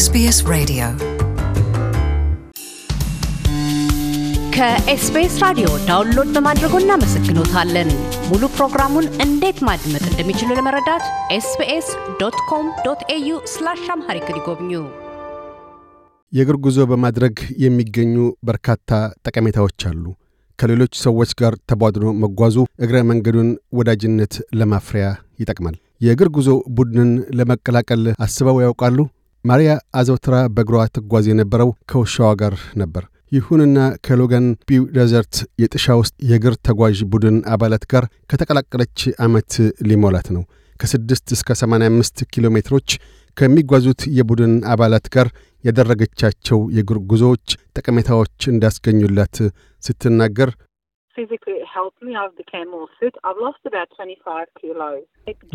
ኤስቢኤስ ሬዲዮ ከኤስቢኤስ ራዲዮ ዳውንሎድ በማድረጎ እናመሰግኖታለን። ሙሉ ፕሮግራሙን እንዴት ማድመጥ እንደሚችሉ ለመረዳት ኤስቢኤስ ዶት ኮም ዶት ኤዩ ስላሽ አምሃሪክ ይጎብኙ። የእግር ጉዞ በማድረግ የሚገኙ በርካታ ጠቀሜታዎች አሉ። ከሌሎች ሰዎች ጋር ተቧድኖ መጓዙ እግረ መንገዱን ወዳጅነት ለማፍሪያ ይጠቅማል። የእግር ጉዞ ቡድንን ለመቀላቀል አስበው ያውቃሉ? ማሪያ አዘውትራ በእግሯ ትጓዝ የነበረው ከውሻዋ ጋር ነበር። ይሁንና ከሎጋን ቢው ደዘርት የጥሻ ውስጥ የእግር ተጓዥ ቡድን አባላት ጋር ከተቀላቀለች ዓመት ሊሞላት ነው። ከስድስት እስከ 85 ኪሎ ሜትሮች ከሚጓዙት የቡድን አባላት ጋር ያደረገቻቸው የእግር ጉዞዎች ጠቀሜታዎች እንዳስገኙላት ስትናገር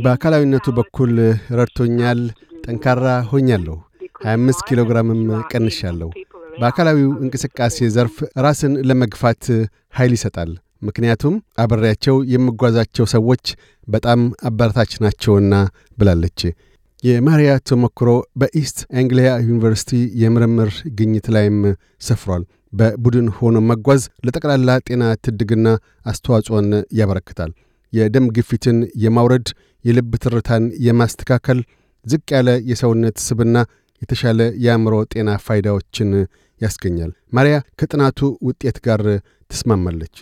በአካላዊነቱ በኩል ረድቶኛል። ጠንካራ ሆኛለሁ። 25 ኪሎ ግራምም ቀንሻለሁ። በአካላዊው እንቅስቃሴ ዘርፍ ራስን ለመግፋት ኃይል ይሰጣል። ምክንያቱም አብሬያቸው የምጓዛቸው ሰዎች በጣም አበረታች ናቸውና ብላለች። የማሪያ ተሞክሮ በኢስት አንግሊያ ዩኒቨርሲቲ የምርምር ግኝት ላይም ሰፍሯል። በቡድን ሆኖ መጓዝ ለጠቅላላ ጤና ትድግና አስተዋጽኦን ያበረክታል። የደም ግፊትን የማውረድ፣ የልብ ትርታን የማስተካከል ዝቅ ያለ የሰውነት ስብና የተሻለ የአእምሮ ጤና ፋይዳዎችን ያስገኛል። ማርያ ከጥናቱ ውጤት ጋር ትስማማለች።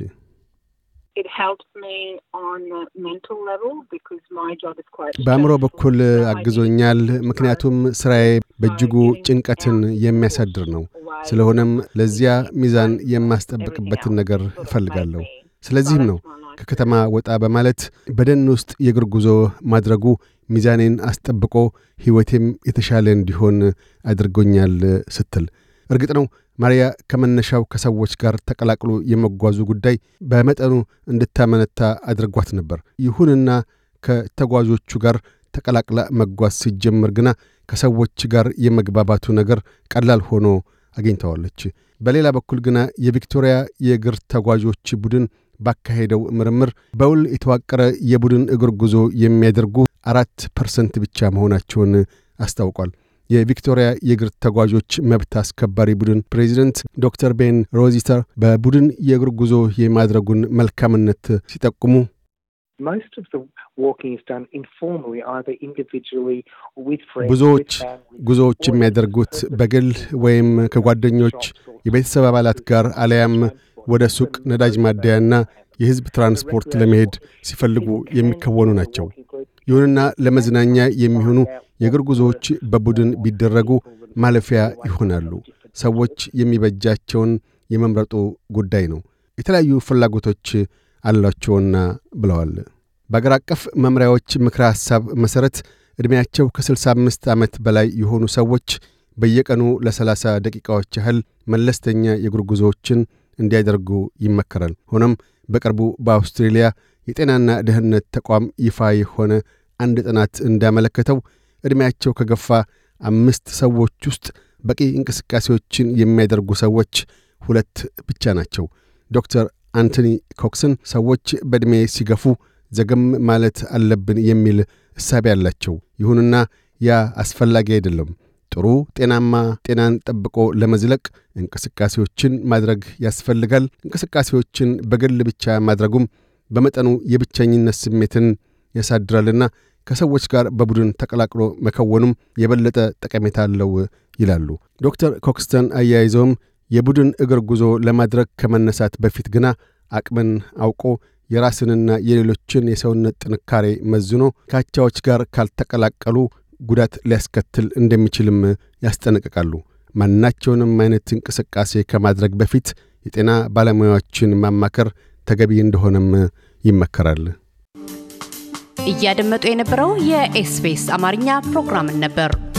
በአእምሮ በኩል አግዞኛል፣ ምክንያቱም ስራዬ በእጅጉ ጭንቀትን የሚያሳድር ነው። ስለሆነም ለዚያ ሚዛን የማስጠብቅበትን ነገር እፈልጋለሁ። ስለዚህም ነው ከከተማ ወጣ በማለት በደን ውስጥ የእግር ጉዞ ማድረጉ ሚዛኔን አስጠብቆ ሕይወቴም የተሻለ እንዲሆን አድርጎኛል ስትል እርግጥ ነው ማርያ ከመነሻው ከሰዎች ጋር ተቀላቅሎ የመጓዙ ጉዳይ በመጠኑ እንድታመነታ አድርጓት ነበር። ይሁንና ከተጓዦቹ ጋር ተቀላቅላ መጓዝ ሲጀምር ግና ከሰዎች ጋር የመግባባቱ ነገር ቀላል ሆኖ አግኝተዋለች። በሌላ በኩል ግና የቪክቶሪያ የእግር ተጓዦች ቡድን ባካሄደው ምርምር በውል የተዋቀረ የቡድን እግር ጉዞ የሚያደርጉ አራት ፐርሰንት ብቻ መሆናቸውን አስታውቋል። የቪክቶሪያ የእግር ተጓዦች መብት አስከባሪ ቡድን ፕሬዚደንት ዶክተር ቤን ሮዚተር በቡድን የእግር ጉዞ የማድረጉን መልካምነት ሲጠቁሙ ብዙዎች ጉዞዎች የሚያደርጉት በግል ወይም ከጓደኞች የቤተሰብ አባላት ጋር አለያም ወደ ሱቅ፣ ነዳጅ ማደያና የሕዝብ ትራንስፖርት ለመሄድ ሲፈልጉ የሚከወኑ ናቸው። ይሁንና ለመዝናኛ የሚሆኑ የእግር ጉዞዎች በቡድን ቢደረጉ ማለፊያ ይሆናሉ። ሰዎች የሚበጃቸውን የመምረጡ ጉዳይ ነው። የተለያዩ ፍላጎቶች አሏቸውና ብለዋል። በአገር አቀፍ መምሪያዎች ምክረ ሐሳብ መሠረት ዕድሜያቸው ከ65 ዓመት በላይ የሆኑ ሰዎች በየቀኑ ለ30 ደቂቃዎች ያህል መለስተኛ የእግር ጉዞዎችን እንዲያደርጉ ይመከራል። ሆኖም በቅርቡ በአውስትሬልያ የጤናና ደህንነት ተቋም ይፋ የሆነ አንድ ጥናት እንዳመለከተው ዕድሜያቸው ከገፋ አምስት ሰዎች ውስጥ በቂ እንቅስቃሴዎችን የሚያደርጉ ሰዎች ሁለት ብቻ ናቸው። ዶክተር አንቶኒ ኮክስን ሰዎች በዕድሜ ሲገፉ ዘገም ማለት አለብን የሚል እሳቤ አላቸው። ይሁንና ያ አስፈላጊ አይደለም። ጥሩ ጤናማ ጤናን ጠብቆ ለመዝለቅ እንቅስቃሴዎችን ማድረግ ያስፈልጋል። እንቅስቃሴዎችን በግል ብቻ ማድረጉም በመጠኑ የብቸኝነት ስሜትን ያሳድራልና ከሰዎች ጋር በቡድን ተቀላቅሎ መከወኑም የበለጠ ጠቀሜታ አለው ይላሉ ዶክተር ኮክስተን። አያይዘውም የቡድን እግር ጉዞ ለማድረግ ከመነሳት በፊት ግና አቅምን አውቆ የራስንና የሌሎችን የሰውነት ጥንካሬ መዝኖ ካቻዎች ጋር ካልተቀላቀሉ ጉዳት ሊያስከትል እንደሚችልም ያስጠነቅቃሉ። ማናቸውንም አይነት እንቅስቃሴ ከማድረግ በፊት የጤና ባለሙያዎችን ማማከር ተገቢ እንደሆነም ይመከራል። እያደመጡ የነበረው የኤስቢኤስ አማርኛ ፕሮግራምን ነበር።